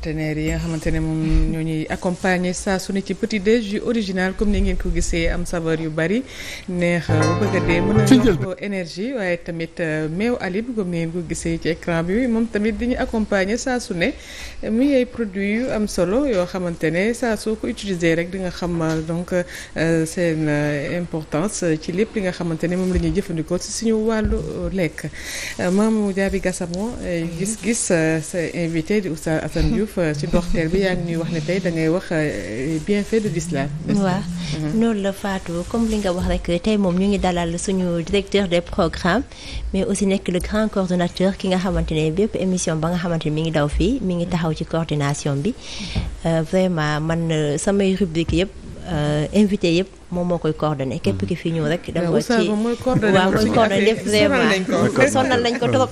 partenaires yi nga xamante ne moom ñoo ñuy accompagner saa su ne ci petit déj yu original comme ni ngeen ko gisee am saveur yu bari neex bu bëgg dee mën a yokk énergie waaye tamit euh, meew alib comme ni ko gisee ci écran bi moom tamit di ñu accompagner saa su ne muy ay produits yu am solo yoo xamante ne saa soo ko utiliser rek di nga xam donc euh, seen euh, importance ci lépp li nga xamante ne moom la ñuy jëfandikoo ci suñu wàllu lekk Mamadou Diaby Gassama gis-gis sa invité di Oustaz Assane Diouf jërëjëf ci euh, doxteel bi yaa ngi ñuy wax ne tey da ngay wax euh, bienfait de l'islam waaw loolu uh-huh. la Fatou comme li nga wax rek tey moom ñu ngi dalal suñu directeur des programmes mais aussi nekk le grand coordonnateur ki nga xamante ne bépp émission ba nga xamante ne mi ngi daw fii mi ngi taxaw ci coordination bi euh, vraiment man samay rubrique yëpp invité yëpp moom moo koy coordonné mm-hmm. képp ki fi ñëw rek dama ko ci waaw mooy coordonné vraiment sonal nañ ko trop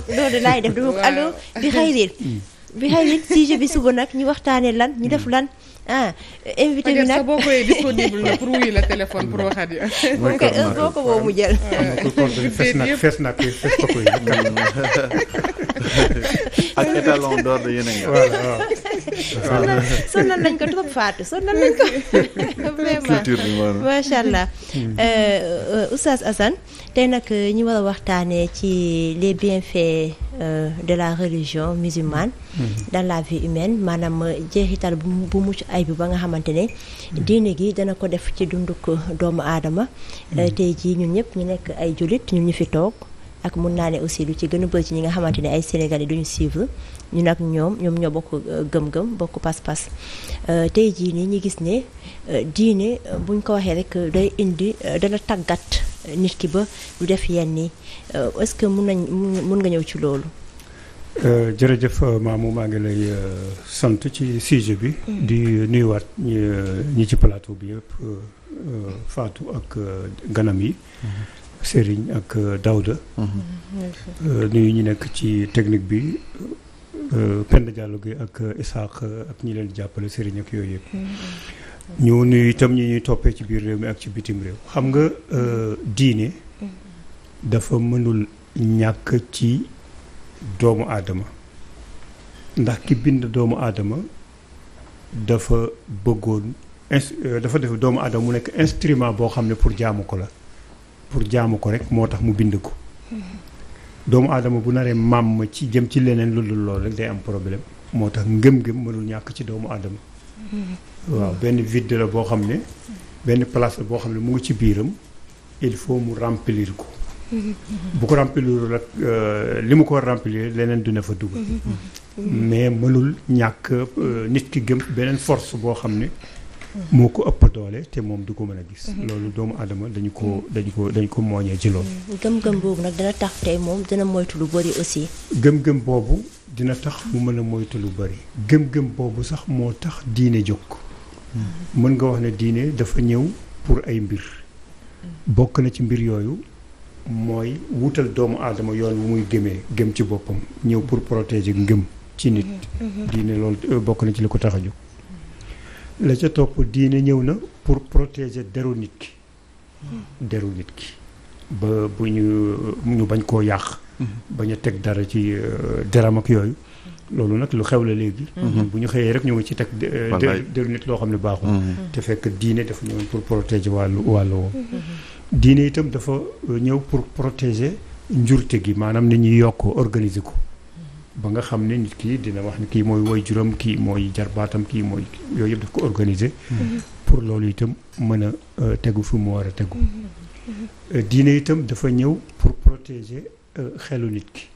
bi xëy nit sujet bi suba nag ñu waxtaanee lan ñu def lan ah invité bi nag boo koy disponible na pour wuyu yi. mooy ko boo ko boobu jël. fees na fees na fees ko koy. macha allah. Euh, euh, Oustaz Assane tey nag euh, ñu war a waxtaanee ci les bienfaits de la religion musulmane. Mm-hmm. dans la vie humaine maanaam jeexital bu mucc ay bi ba nga xamante ne diine gi dana ko def ci dunduk doomu aadama mm. eh, tey jii ñun ñëpp ñu nekk ay jullit ñun ñu fi toog ak mun naa ne aussi lu ci gën a bëri ci ñi nga xamante ne ay sénégalais duñu suivre ñu nag ñoom ñoom ñoo bokk eh, gëm-gëm bokk pas-pas eh, tey jii nii ñu gis ne diine buñ ko waxee rek day indi dana tàggat nit ki ba du def yenn yi est-ce que mun nañ mun nga ñëw ci loolu Euh, jërëjëf euh, Mamou maa ngi lay euh, sant ci sujet bi. Mm. di nuyuwaat ñi ci palaato bi yëpp Fatou ak ganam yi. Mm-hmm. Serigne ak Daouda. Mm-hmm. nuyu ñu nekk ci technique bi. Penda Diallo gi ak Isaac ak ñi leen jàppale Serigne ak yooyu yëpp. Mm-hmm. ñu nuyu itam ñi ñuy toppee ci biir réew mi ak ci bitim réew xam nga diine. dafa mënul ñàkk ci. doomu aadama ndax ki bind doomu aadama dafa bëggoon ins euh, dafa def doomu aadama mu nekk instrument boo xam ne pour jaamu ko la pour jaamu ko rek moo tax mu bind ko doomu aadama bu naree màmm ci jëm ci leneen lu dul loolu rek day am problème moo tax ngëm-ngëm mënul ñàkk ci doomu aadama waaw benn vide la boo xam ne benn place la boo xam ne mu ngi ci biiram il faut mu remplir ko bu ko remplir rek euh, li mu ko war leneen du dina fa dugg mais mënul ñàkk euh, nit ki gëm beneen force boo xam ne. moo ko ëpp doole te moom du ko mën a gis. loolu doomu aadama dañu ko dañu ko dañu ko mooñee ci loolu. gëm-gëm boobu nag dina tax tey moom dina moytu lu bëri aussi. gëm-gëm boobu dina tax mu mën a moytu lu bëri. gëm-gëm boobu sax moo tax diine jóg. mën nga wax ne diine dafa ñëw pour ay mbir. bokk na ci mbir yooyu mooy wutal doomu aadama yoon wu muy gëmee gëm ci boppam ñëw pour protéger ngëm ci nit mm-hmm. Mm-hmm. diine lool euh, bokk na ci li ko tax a la ca topp diine ñëw na pour protéger deru nit ki mm-hmm. deru nit ba bu ñu euh, ñu bañ koo yàq bañ a teg dara ci euh, deram ak yooyu loolu nag lu xew la léegi bu ñu xëyee rek ñu ngi ci teg deru nit loo xam ne baaxul te fekk diine dafa ñëwoon pour protéger wàllu wàllu woowu diine itam dafa euh, ñëw pour protéger njurte gi maanaam ni ñuy yokk organiser ko ba nga xam ne nit kii dina wax ne kii mooy woy juróom kii mooy jarbaatam kii mooy yooyu yëpp daf ko organiser mm-hmm. pour loolu itam mën a euh, tegu fi mu war a tegu mm-hmm. euh, diine itam dafa ñëw pour protéger xelu nit ki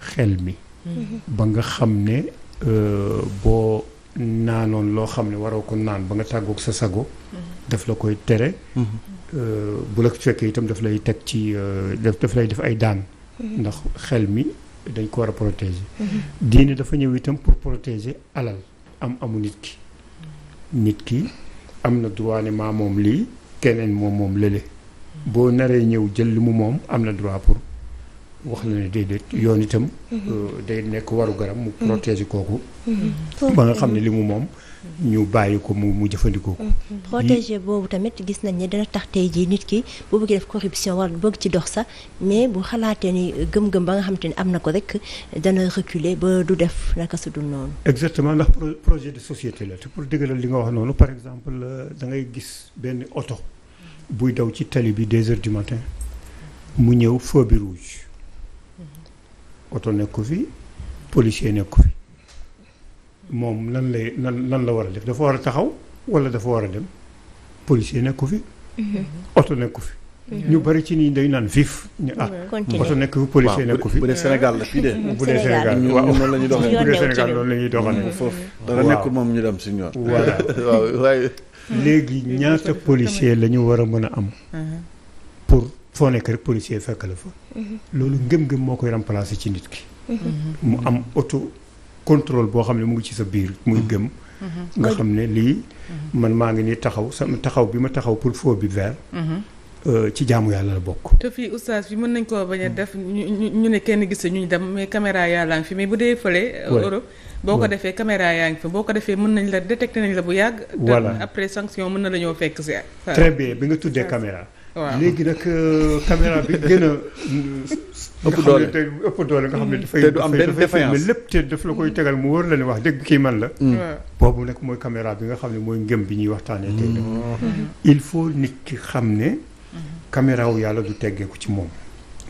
xel mi mm-hmm. ba nga xam ne boo naanoon loo xam ne waroo ko naan ba nga tàggoog sa sago daf la koy tere bu la ko fekkee itam daf lay teg ci euh, daf lay def ay daan. Mm-hmm. ndax xel mi dañ ko war a protéger. Mm-hmm. diine dafa ñëw itam pour protéger alal am amu nit ki. nit ki am na droit ne maa moom lii keneen moom moom lële. Mm-hmm. boo naree ñëw jël li mu moom am na droit pour. wax na ne déedéet yoon itam. Euh, day nekk waru garam mu protéger kooku. Mm-hmm. ba nga xam ne li mu moom. ñu bàyyi ko mu mu jëfandikoo ko. Mm-hmm. protéger boobu tamit gis nañ ne dana tax tey jii nit ki bu bëggee def corruption wala bëgg ci dox sax mais bu xalaatee ni gëm-gëm ba nga xamante ni am na ko rek dana reculer ba du def naka su dul noonu. exactement ndax projet de société la te pour dëggalal li nga wax noonu par exemple euh, da ngay gis benn oto. buy daw ci tali bi 2 heures mu ñëw feu oto nekku fi policier nekku fi moom nan lay nan lan la war a def dafa war a taxaw wala dafa war a dem policier nekku fi. Mm-hmm. oto nekku fi. ñu bari ci nii dañu naan vif. ñu ah oto nekk fi policier nekku fi. bu ne Sénégal la fii de. bu dee Sénégal waaw noonu la ñuy doxalee bu dee Sénégal noonu la ñuy doxalee. foofu mm-hmm. dara nekkul moom ñu dem si ñor. voilà waaw waaye. léegi ñaata policier lañu war a mën a am. Uh-huh. pour. foo nekk rek policier fekk la fa. Mhm. loolu ngëm-ngëm moo koy remplacer ci nit ki. Mhm. mu am auto contrôle boo xam ne mu ngi ci sa biir muy mhm. gëm. nga xam ne lii man maa ngi nii taxaw sa taxaw bi ma taxaw pour foo bi vert. Euh, ci jaamu yàlla la bokk. te fii oustaz bi mën nañ koo bañ a def ñu ñu ne kenn gis ñu dem mais caméra yàlla ngi fi mais bu dee fële. Euh, Europe boo ko defee caméra yaa ngi fi boo ko defee mën nañ la détecté nañ la bu yàgg. voilà après sanction mën na la ñoo bi nga tuddee caméra. waaw léegi nag euh, caméra bi gën a. nga xam ne tey ëpp doole mm. dafay. te am benn défaillance mais lépp te daf la koy tegal mu wóor la ne wax dëgg kii man la. Mm. boobu nag mooy caméra bi nga xam ne mooy ngëm bi ñuy waxtaanee tey mm. il faut nit ki xam ne. caméra wu yàlla du ko ci moom.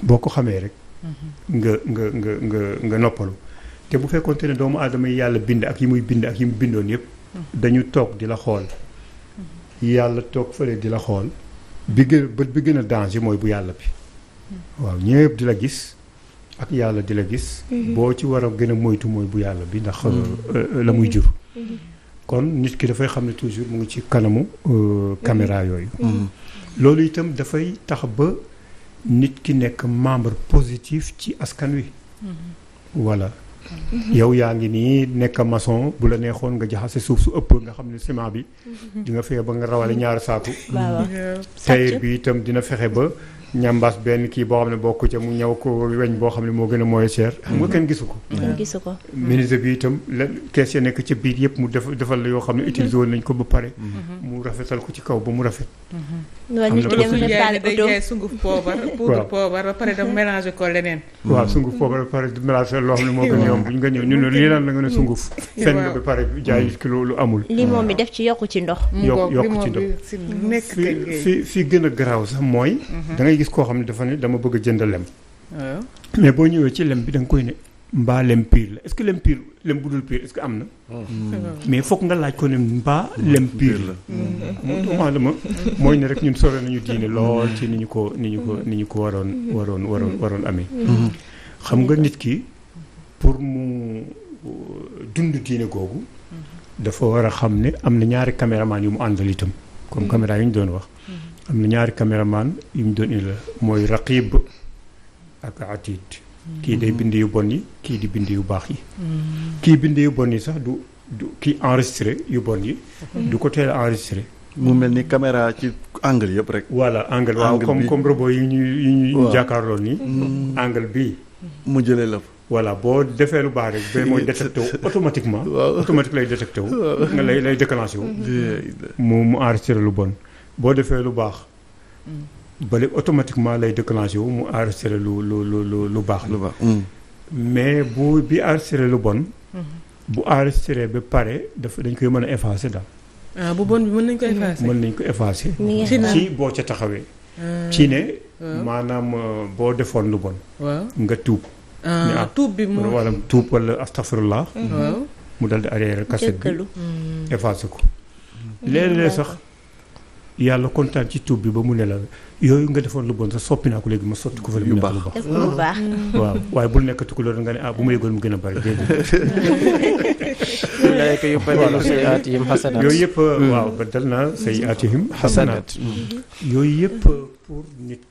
boo ko xamee rek. Mm-hmm. nga nga nga noppalu. te bu fekkonte ne doomu aadama yi yàlla bind ak yi muy bind ak yi mu bindoon yëpp. Mm-hmm. dañu toog di la xool. Mm-hmm. yàlla toog fële di la xool. bi gën bët bi gën a danger mooy bu yàlla bi waaw ñëpp di la gis ak yàlla di la gis mhm. boo ci war a gën a moytu mooy bu yàlla bi ndax euh, mhm. euh, la muy jur mhm. kon nit ki dafay xam ne toujours mu ngi ci kanamu euh, caméra yooyu loolu itam dafay tax ba nit ki nekk membre positif ci askan wi voilà yow yaa ngi nii nekk maçon bu la neexoon nga jaxase suuf su ëpp nga xam ne ciment bi. Mhm. di nga fexe ba nga rawale ñaari saaku. tailleur bi itam dina fexe ba. ñambaas benn kii boo xam ne bokku ca mu ñëw ko weñ boo xam ne moo gën a mooy cher. Mhm. xam nga kenn gisu ko. Mhm. kenn bi itam la kees ya nekk ca biir yëpp mu def defal la yoo xam ne mhm. utilisé woon nañ ko ba pare. mu rafetal ko mu rafet. loolu nit ki dem réparé oto waaw sunguf poobar poudre poobar ba pare dem mélangé ko leneen. waaw sunguf poobar loo xam ne moo gën a yomb bu ñu nga ñëw ñu ne lii lan la nga ne sunguf. fenn nga ba pare jaay kilo lu amul. li bi def ci yokku ci ndox. yokku ci ndox fi fi gën a garaaw sax mooy da gis koo xam ne dafa ne dama bëgg a jënd lem. mais boo ñëwee ci lem bi da koy ne mbaa lem pire la est-ce que lem pire lem bu dul pire est-ce que am na. Mm. mais foog nga laaj ko ne mbaa lem pire la. Mm. moom doomu aadama mooy ne rek ñun sore nañu diine lool ci ni ñu ko ni ñu ko ni ñu ko waroon waroon waroon waroon amee. Mm. xam nga nit ki pour mu euh, dund diine googu. Mm-hmm. dafa war a xam ne am na ñaari caméraman yu mu àndal comme mm-hmm. caméra yi ñu doon wax. Mm-hmm. am na ñaari caméraman yu mu doon indi mooy raqib ak atid kii day mhm. bind yu bon yi kii di bind yu baax yi mhm. kii bind yu bon yi sax du du kii enregistré yu bon yi mhm. du ko teel enregistré mu mel ni caméra ci angle yëpp rek voilà angle waaw comme comme robot yi ñu yi ñu jàkkaarloo nii angle bii mu la voilà boo defee lu baax rek ba mooy détecté automatiquement automatique lay détecté wu nga lay lay déclenché wu mu mu lu bon boo defee lu baax. Mm. bële automatiquement lay déclenché wu mu enregistré lu lu lu lu baax. lu baax mm. mais bu bi enregistré lu bon. Mm-hmm. bu enregistré ba pare dafa dañ koy mën a effacer daal. ah bu bon bi mën nañ ko effacer. mën nañ ko effacer. ci boo ca taxawee. Ah. ci ne. maanaam euh, boo defoon lu bon. waaw nga tuub. ah, ah tuub bi mu wala tuub wala astafurlah. waaw mm-hmm. mu dal di arrière cassette bi. Mm. effacer ko léeg-léeg sax. yàlla kontaan ci tuub bi ba mu ne la yooyu nga defoon lu bon sax soppi naa ko léegi ma sotti ko fa lu baax lu baax waaw waaye bul nekk tukulóor nga ne ah bu a bari déedéet yëpp hmm. waaw ba dal naa say aatihim xasanaat hmm. yooyu yëpp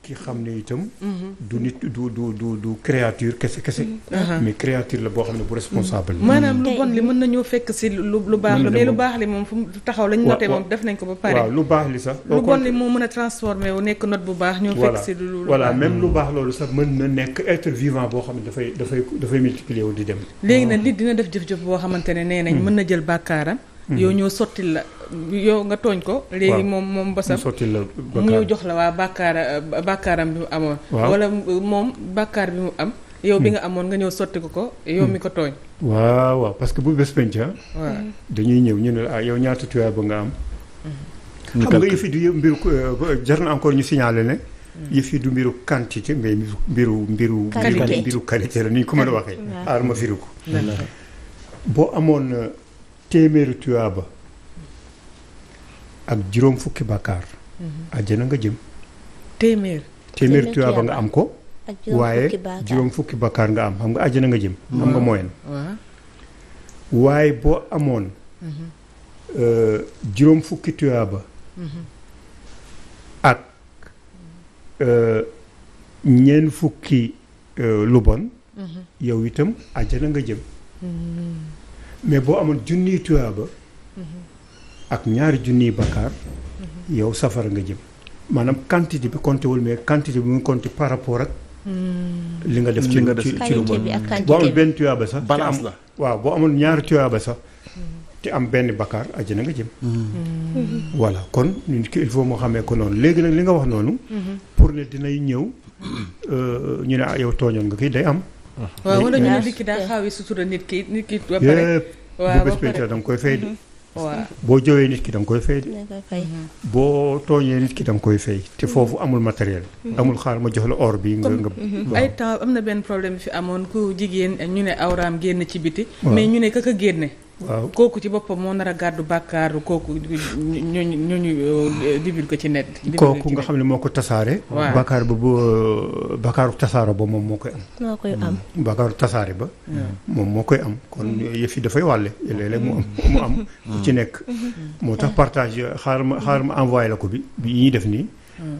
ki xam ne itam mhm. du nit du du du du créature mhm. la boo xam ne bu responsable maanaam lu hmm. bon li lu lu baax la mais lu baax moom fu mu taxaw lañ noté moom def nañ ko ba pare lu baax li sax lu bon li moo mën a transformé wu nekk not bu baax ñoo fekk si lu lu voilà même lu baax loolu sax mën na nekk être vivant boo xam ne dafay dafay dafay multiplier di dem léegi nag nit dina def jëf-jëf boo xamante ne nee nañ hmm. mën na jël bàkkaaram hmm. yow ñoo sotti la yow nga tooñ ko léegi moom moom basam sottil la mu ñëw jox la waa bàkkaara bàkkaaram bi mu amoon wala moom bàkkaar bi mu am yow bi hmm. nga amoon nga ñëw sotti ko ko yow mi ko tooñ waaw waaw parce que bu bés penca dañuy ñëw ñu ne ah yow ñaata tuyaay ba nga am xam nga yëf yi du yëpp mbiru euh, jar na hmm. mbiru mbiru mbiru. qualité mbiru qualité la ni ñu ko mën a waxee. aar ma firi ko. boo amoon euh, téeméeri tuyaaba ak juróom fukki bakkaar. Hmm. àjjana nga jëm. téeméer. tuyaaba nga am ko. waaye juróom fukki bakkaar nga am xam nga àjjana nga jëm. xam nga hmm. moyen. waaye boo amoon. Euh, juróom fukki tuyaaba. Mm-hmm. ak euh, ñeent fukki euh, lu bon. Mm-hmm. yow itam àjjana nga jëm. Mm-hmm. mais boo amoon junniy tuyaaba. ak ñaari junniy bakkaar. yow safara nga jëm. maanaam quantité bi compté wul mais quantité bi mu ngi par rapport ak. li nga def ci ci lu bon boo amoon benn tuyaaba sax. waaw boo amoon ñaari tuyaaba sax. te am benn bakkaar na nga jëm. Mm-hmm. Mm-hmm. voilà kon nit ki il faut moo xamee ko noonu léegi nag li nga wax noonu. Mm-hmm. pour ne dinay ñëw euh, ñu ne ah yow tooñoon nga daa xawee sutura nit ki da nga koy boo jëwee nit ki da nga koy boo tooñee nit ki da nga koy foofu amul matériel. amul xaar ma jox la or bi na benn problème fi amoon ku ñu ne génn ci biti. mais ñu ne kaka génne. waaw kooku ci boppam moo nar a gàddu bàkkaaru kooku ñooñu ñooñu euh, dibir ko ci net. kooku nga xam ne moo ko tasaare. waaw bàkkaar ba bu euh, bàkkaaru tasaare ba moom moo koy am. moo koy am mm. tasaare ba. moom moo koy am kon mm. yëf yi dafay wàlle léeg-léeg mu am mu am. ci mm. nekk. moo tax partage xaaral ma xaaral ma envoyé la ko bi bi ñuy def nii.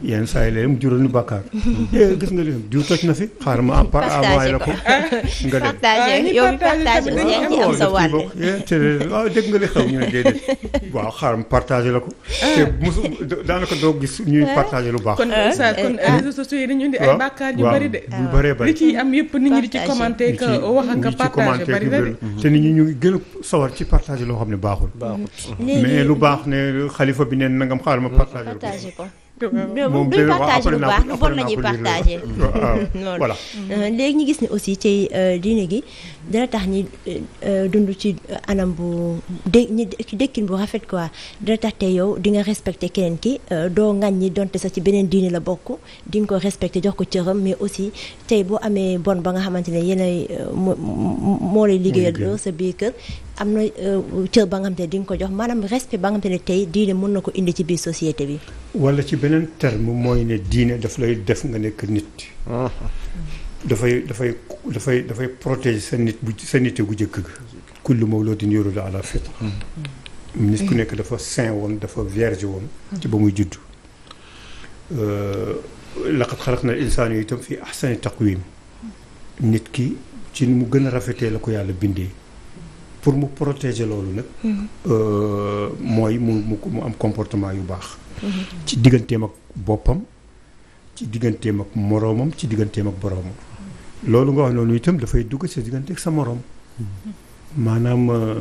yenn saa yi léegi mu jural ñu bàkkaar. Eh, gis nga leen diw toj na fi xaar ma à part envoyé la ko. nga dem partagé ah, yow mi partagé yaa ngi am sa wàll. Oh, eh, waaw dégg nga li xew ñu ne déedéet waaw xaar ma partagé la ko. Ah. te mosu daanaka doo gis ñuy ah. partagé lu baax. kon sa kon réseaux sociaux yi dañu indi ay bàkkaar yu bari de. waaw bëree bari li ciy am yëpp nit ñi di ci commenté que wax ak partagé bari na de. te nit ñi ñu gën a sawar ci partagé loo xam ne baaxul. baaxul mais lu baax ne xalifa bi neen nangam xaar ma partagé ko. moom duñ partage lu baax lu bon la ñuy loolu euh, léegi ñu gis ni aussi ci euh, diine gi dana tax ñi euh, dund ci anam bu dé ñi ci dékkin bu rafet quoi dana tax te yow di nga respecté keneen ki doo ngañ ñi donte sax ci beneen diine la bokk di nga ko respecté jox ko cëram mais aussi tey boo amee bon ba nga xamante ne yéenay moo lay liggéeyal sa biir am na euh, cër ba nga xam te di nga ko jox maanaam respect ba nga xam te ne tey diine mën na ko indi ci biir société bi. wala ci beneen terme mooy ne diine daf lay def nga nekk nit. Uh-huh. dafay dafay dafay dafay protéger sa nit bu sa nit gu jëkk ga. kullu mawludin yuladu ala fitra. Hmm. nit ku nekk dafa saint woon dafa vierge woon. ci ba muy judd. Euh, laqad na al-insaana itam fi ahsani taqwim nit ki ci mu gën a rafetee la ko yàlla bindee. pour mu protéger loolu nag. Euh, mooy mu mu mu am comportement yu baax. ci digganteem ak boppam ci digganteem ak moroomam ci digganteem ak boroomam. loolu nga wax noonu itam dafay dugg sa diggante ak sa moroom. maanaam euh,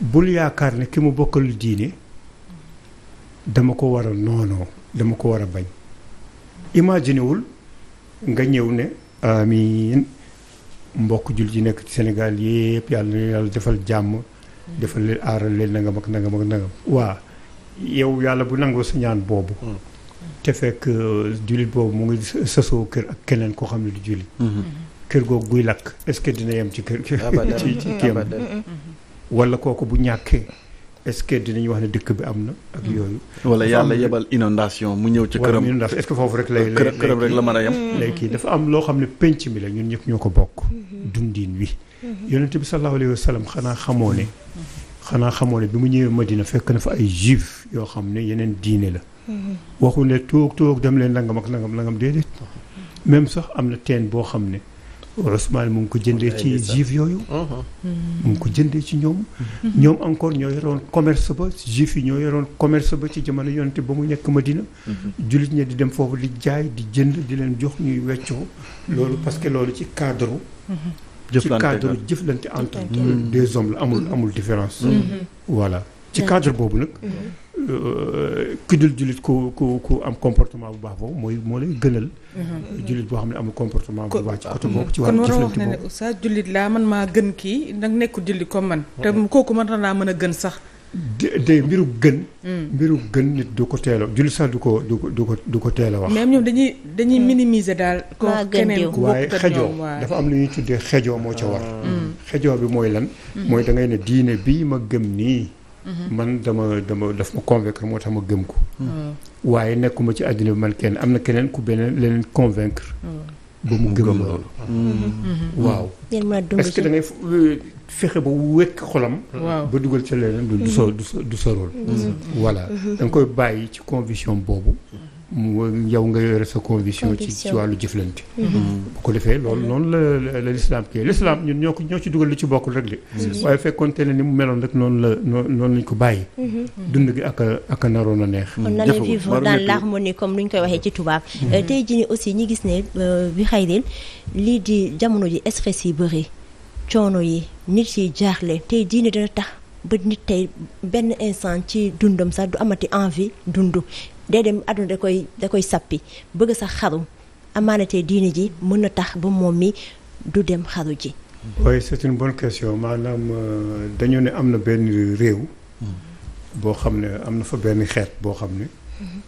bul yaakaar ne ki mu bokkal diine dama ko war a noonoo dama ko war a bañ. imagine nga ñëw ne amiin mbokk jul ji nekk ci Sénégal yépp yàlla na yàlla defal jàmm defal leen aaral leen nangam ak nangam ak nangam waa yow yàlla bu nangoo sa ñaan boobu hmm. te fekk euh, jullit boobu mu ngi sasoo kër ak keneen koo xam ne du jullit hmm. kër googu guy lakk est-ce que dina yem ci kër ci ci kiyam mm-hmm. wala kooku bu ñàkkee est-ce que dinañ wax ne dëkk bi am na ak hmm. yooyu. wala yàlla yebal inondation mu ñëw ci këram inondation est foofu rek lay lay këram rek la mën a léegi hmm. dafa am loo xam ne penc mi la ñun ñëpp ñoo ko bokk hmm. dundin wi yonent bi sallallahu alayhi wa sallam xanaa xamoo ne xanaa xamoo ne bi mu ñëwee ma Madina fekk na fa ay juif yoo xam ne yeneen diine la waxu ne toog toog dem leen nangam ak nangam nangam déedéet même sax am na teen boo xam ne Ousmane mu ngi ko jëndee ci juif yooyu. Uh-huh. mu ngi ko jëndee ci ñoom. Mm-hmm. ñoom encore ñoo yoroon commerce ba juif yi ñoo yoroon commerce ba ci jamono yonte ba mu nekk Madina. Mm-hmm. jullit ñi di dem foofu di jaay di jënd di leen jox ñuy weccoo. Mm-hmm. loolu parce que loolu ci cadre. ci cadre jëflante entre deux hommes la amul amul différence. voilà. ci cadre boobu nag. Mhm. Euh, ki dul jullit ku ku ku am comportement bu baax boobu mooy moo lay gënal. Mhm. Euh, jullit boo xam ne amul comportement bu baax ci côté boobu. ci wàllu sa jullit laa man maa gën kii nag nekkul jullit comme man. te kooku man laa mën a gën sax. de de mbiru gën. Mm. mbiru gën nit du ko teel jullit sax du ko du ko du ko du ko teel a wax. même ñoom dañuy dañuy mm. minimiser daal. ko keneen ku waaye xejoo dafa am lu ñuy tuddee xejoo moo ca war. Mm. xejoo bi mooy lan. mooy da ngay ne diine bii ma gëm nii. man dama dama daf ma convaincre moo tax ma gëm ko. Mm. waaye nekkuma ci àddina bi man kenn am na keneen ku beneen leneen convaincre. Mm. ba mu gëm loolu. Mm-hmm. waaw. Mm-hmm. est-ce que da ngay euh, fexe ba wekk xolam. ba dugal ca leneen du du sa du sa rôle. Mm-hmm. voilà da nga koy bàyyi ci conviction boobu. mu yow nga yore sa conviction ci ci wàllu jëflante mm-hmm. bu ko defee loolu mm-hmm. noonu la la l'islam kii l'islam ñoo ci dugal lu ci bokkul rek li mm-hmm. waaye fekkonte ne ni mu meloon rek noonu la noonu lañ ko bàyyi dund gi ak ak naroon a neex on allait vivre dans l'harmonie comme lu ñu koy waxee ci tubaab euh, tey jii aussi ñi gis ne euh, bi xëy din lii di jamono ji stress yi bëri coono yi nit yi jaaxle tey diine dina tax ba nit tey benn instant ci dundam sax du amati envie dund day dem àdduna da koy da koy bëgg sax xaru amaanatee diine ji mën na tax ba moom mi du dem xaru ji. oui c'est une question maanaam euh, dañu ne am na benn réew. boo xam ne am na fa benn xeet boo xam ne.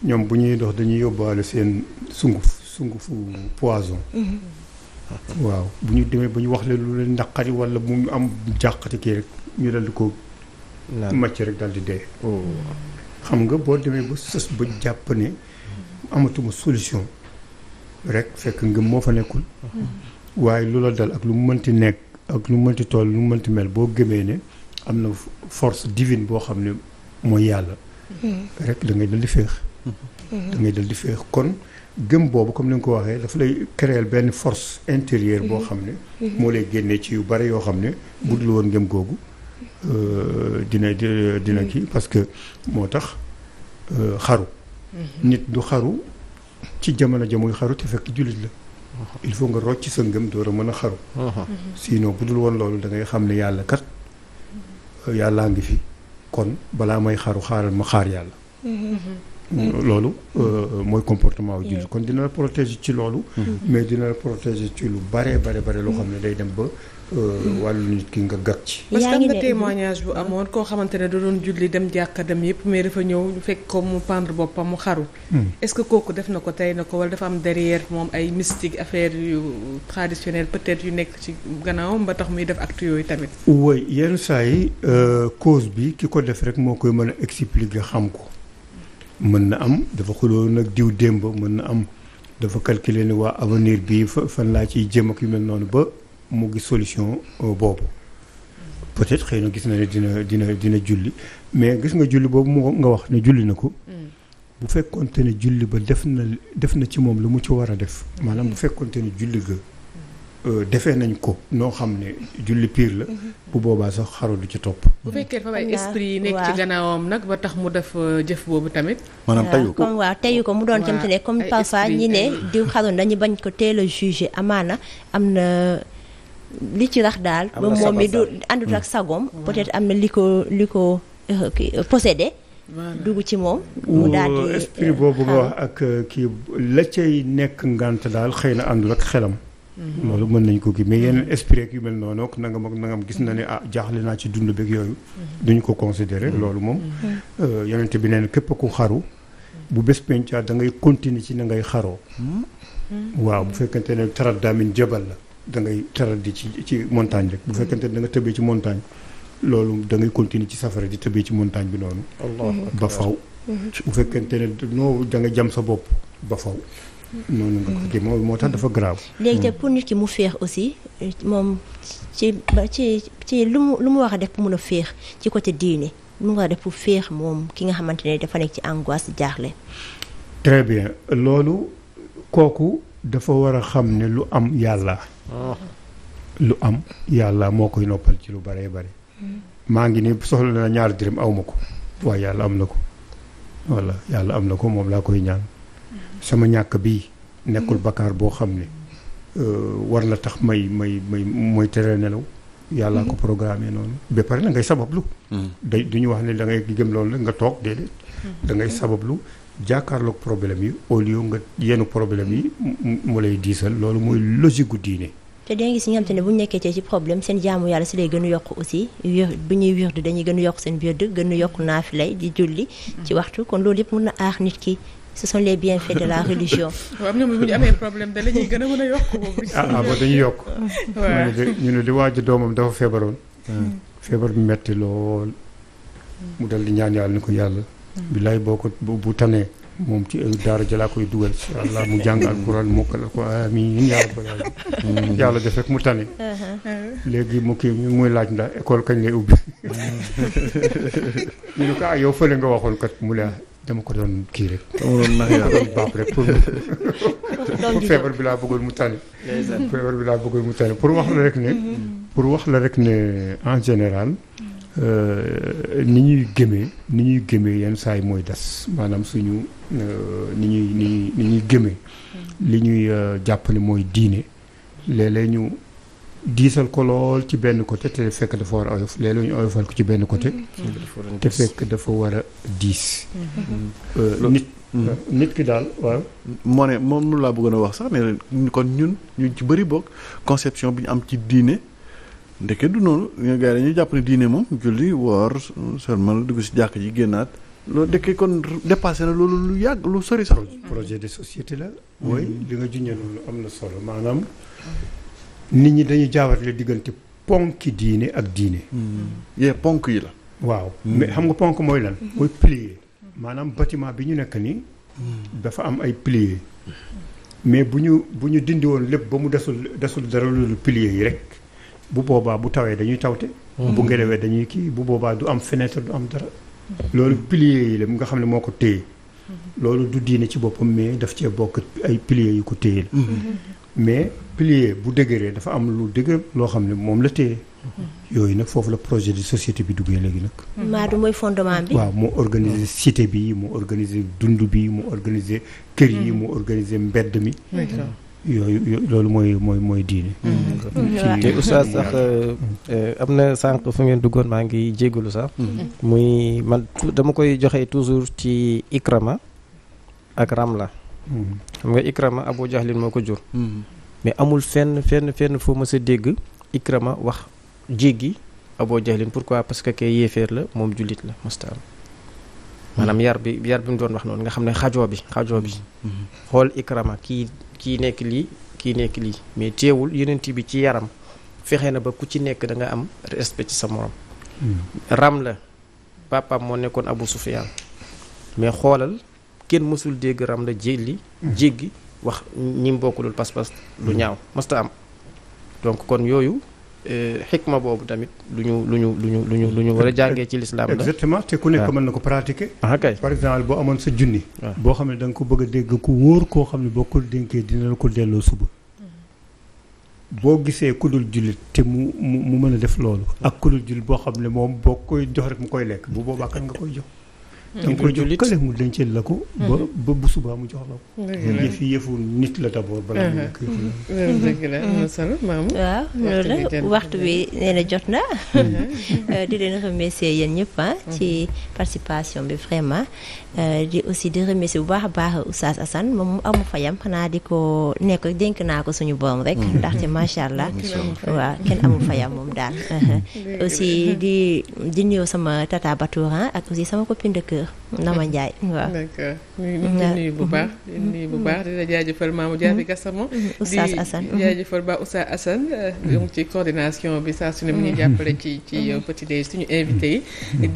ñoom bu ñuy dox dañuy yóbbaale seen sunguf sungufu poison. Mm-hmm. waaw bu ñu demee ba ñu wax leen lu leen naqari wala mu am jàqati kii rek ñu dal di ko. màcc rek dal di dee. Oh. xam nga boo demee ba sës ba jàpp ne amatuma solution rek fekk ngëm moo fa nekkul waaye lu la dal ak lu mu mënti nekk ak lu mu mënti tool lu mu mënti mel boo gëmee ne am na force divine boo xam ne mooy yàlla rek dangay ngay dal di féex dangay ngay dal di feex kon gëm boobu comme ni nga ko waxee dafa lay créer benn force intérieure boo xam ne moo lay génnee ci yu bari yoo xam ne bu dul woon ngëm googu Euh, dina dina kii mm. parce que moo tax euh, xaru. Mm-hmm. nit du xaru ci jamono ja muy xaru te fekk jullit la. Mm-hmm. il faut nga rocc sa ngëm door a mën a xaru. Mm-hmm. sinon bu dul woon loolu da ngay xam ne yàlla kat yàllaa ngi fi kon balaa may xaru xaaral ma xaar yàlla. loolu euh, mooy comportement wu jullit kon dina la protéger ci loolu mm-hmm. mais dina la protéger ci lu bare bare bare loo mm-hmm. xam ne day dem ba euh, mm-hmm. wàllu nit ki nga gàtt ci parce que am na témoignage koo xamante ne da doon julli dem jàkka dem yëpp mais dafa ñëw ñu fekk ko mu pendre boppam mu xaru mm. est-ce que kooku def na ko tey na ko wala dafa am derrière moom ay mystique affaire yu traditionnel peut-être yu nekk ci gannaawam ba tax muy def acte yooyu tamit oui yenn saa yi euh, cause bi ki ko def rek moo koy mën a expliquer xam ko mën na am dafa xuloo nag diw démb mën na am dafa calculer ni waa avenir bi fan laa ci jëm ak yu mel noonu ba mu gis solution euh, boobu peut-être xëy na gis na ne dina dina dina julli mais gis nga julli boobu mu nga wax ne julli na ko mm. bu fekkonte ne julli ba def na def na ci moom lu mu ci war a def maanaam bu fekkonte ni julli ga Euh, defe nañ ko noo xam ne julli piir la. Mhm. bu boobaa sax xaru du ci topp. bu fekkee dafa nag ba tax mu def euh, jëf boobu tamit. maanaam ko waaw teyu ko mu doon jëmtale comme parfois ñi ne diw xaroon dañu bañ ko teel a jugé amaana am na. li ci rax daal ba moom mi du àndut ak mm. sagoom peut-être am na li ko li ko euh, possédé dugg ci moom mu daal esprit boobu nga wax ak kii la cay nekk ngant daal xëy na àndul ak xelam loolu mën nañ ko kii mais yeneen esprit yu mel noonu ak nangam ak nangam gis na ne ah jaaxle naa ci dund beeg yooyu. duñ ko considérer loolu moom. Euh, yonent bi neen képp ku xaru. bu bés pencaa da ngay continuer ci na ngay xaroo. waaw bu fekkente ne tarat daamin jabal la da ngay tarat di ci ci montagne rek bu fekkente ne da nga tëbee ci montagne. loolu da ngay continuer ci safara di tëbee ci montagne bi noonu. ba faw mhm. bu fekkente ne noo da jam sa bopp ba faw. noonu nga ko kii moo moo tax dafa grave. léegi te hmm. pour nit ki mu féex aussi moom ci ci ci lu mu lu mu wax a def pour mun a féex ci côté diine lu mu war def pour féex moom ki nga xamante ne dafa nekk ci angoisse jaaxle. très bien loolu kooku dafa war a xam ne lu am yàlla. lu am yàlla moo koy noppal ci lu baree bare. Hmm. maa ngi ni soxla na ñaar dërëm awma ko waaye yàlla am na ko. voilà yàlla am na ko moom laa koy ñaan. sama ñàkk bii nekkul mm-hmm. bakkaar boo xam ne euh, war na tax may may may mooy tere nelaw yàllaa ko mm-hmm. programme noonu ba pare na ngay sabablu mm-hmm. day du wax ne dangay ngay gëm loolu la nga toog déedéet da ngay sabablu jàkkaarloog problème yi au lieu nga yenn problème yi mu lay diisal loolu mooy logique gu diine te danga gis ñi nga xam te ne bu nekkee ci problème seen jaamu yàlla si lay gën a yokk aussi wér bu ñuy wérdu dañuy gën a yokk seen wérdu gën a yokk naafilay di julli ci waxtu kon loolu yëpp mën na aar nit ki ce sont les bienfaits de la religion. waaw ñoom bu ñu amee problème de la gën a mën a yokk boobu. ah, ah ba dañuy yokk. waaw ñu ne li waa doomam dafa feebaroon. Hmm. Hmm. feebar bu metti lool. mu dal di ñaan yàlla ni ko yàlla. Hmm. billaay boo ko bu tanee. moom ci daara jëlaa koy dugal incha allah mu jàng alquran mokkal ko amiin yàlla ko yàlla def rek mu tane. Uh-huh. léegi mu kii muy laaj ndax école kañ lay ubbi. ñu ne ko ah yow fële nga waxoon kat mu ne dama ko doon kii rek. dama doon nax yaa doon baax rek pour. feebar bi laa bëggoon mu tali. feebar bi laa bëggoon mu tali pour wax la rek ne. Mm-hmm. pour wax la rek ne en général. Euh, ni ñuy gëmee ni ñuy gëmee yenn saay mooy des maanaam suñu euh, ni ñuy ni ñuy ni mm-hmm. li ñuy euh, jàppale mooy diine léeg ñu. diisal ko lool ci benn ko te fekk dafa war a oyof léeg ñu oyofal ko ci benn côté. te fekk dafa war a mm-hmm. diis. Mm-hmm. Euh, nit mm-hmm. euh, nit ki daal waaw. moo ne moom nu laa bëggoon a wax sax ne kon ñun ñu ci bëri bokk conception bi ñu am ci diine ndeke du noonu ñun gars yi dañuy jàpp ne diine moom julli woor seulement dugg si jàkk ji génnaat. loolu dëkk kon dépassé na loolu lu yàgg lu sori sax. projet de société la. mooy li nga junjee loolu am na solo maanaam. nit ñi dañuy jaawatle diggante ponki diine ak diine. Hmm. yee ponk yi la. waaw hmm. mais xam nga ponk mooy lan. Hmm. mooy pilier maanaam bâtiment bi ñu nekk nii. dafa am ay pilier. mais bu ñu bu ñu dindi woon lépp ba mu desul desul dara lu pilier yi rek bu boobaa bu tawee dañuy tawte. bu ngelawee dañuy kii bu boobaa du am fenêtre du am dara. loolu pilier yi la mu nga xam ne moo ko téye. loolu du diine ci boppam mais daf cee bokk ay piliers yu ko téye la. mais pilier bu dëgëree dafa am lu dëgër loo xam ne moom la téye yooyu nag foofu la projet de société bi duggee léegi nag. Maadu mooy fondement bi. waaw moo organiser cité bi moo organiser dund bi moo organiser kër yi hmm. moo organiser mbedd mi. yooyu loolu mooy mooy mooy diine. Hmm. te oustaz sax hmm. euh, am na sànq fu ngeen duggoon maa ngi jégalu sax. muy man dama koy joxe toujours ci Ikrama ak la xam nga ikrama abu jahlin moo ko jur mm-hmm. mais amul fenn fenn fenn foo ma a dégg ikrama wax jéggi abu jahlin pourquoi parce que kay yéeféer la moom jullit la masta am maanaam yar bi yar bi mu doon wax noonu nga xam ne xajoo bi xajoo bi mm-hmm. xool ikrama kii kii nekk lii kii nekk lii mais teewul yenent bi ci yaram fexe na ba ku ci nekk da am respect ci sa morom mm-hmm. ram la papaam moo nekkoon abu sufiyaan mais xoolal kenn mësul dégg ram la jéggi jéggi wax ñi mu bokkulul pas-pas lu mm-hmm. ñaaw mësta am donc kon yooyu eh, xikma boobu tamit lu ñu lu ñu lu ñu lu ñu lu ñu war a jàngee ci lislaam la exactement te ku nekk ah. mën na ko pratiquer ah, par exemple boo amoon sa junni ah. boo xam ne da ko bëgg a dégg ku wóor koo xam ne boo ko dénkee dina la ko delloo suba mm-hmm. boo gisee ku dul jullit te mu mu mën a def loolu ak ku dul jullit boo xam ne moom boo koy jox rek mu koy lekk bu boobaa kan nga koy jox Hmm. donc kële mu denceel la ko. ba hmm. ba bu subaa mu jox la ko. dëgg la yëf yëfu nit la d'abord balaa hmm. muy nekk yëfu la. dëgg la am na solo maamu. waaw loolu la waxtu bi nee na jot na. Euh, di leen remercier yéen ñëpp ah, ci participation bi vraiment. Euh, di aussi di remercier bu baax a baax Oustaz Assane moom mu amu fayam xanaa di ko nekk dénk naa ko suñu borom rek. ndaxte macha allah. waaw kenn amul fayam moom daal. aussi di di nuyu sama tata Batouran ah, ak aussi sama copine de cœur. Nama Ndiaye waaw. d'accord ñu nuyu bu mhm. baax. di nuyu bu baax di la jaajëfal Mamadou Diaby mhm. Gassama. Mhm. Oustaz Assane di jaajëfal ba Oustaz Assane. Euh, donc ci coordination bi saa su ne mu ñuy jàppale ci ci petit déj suñu invité yi.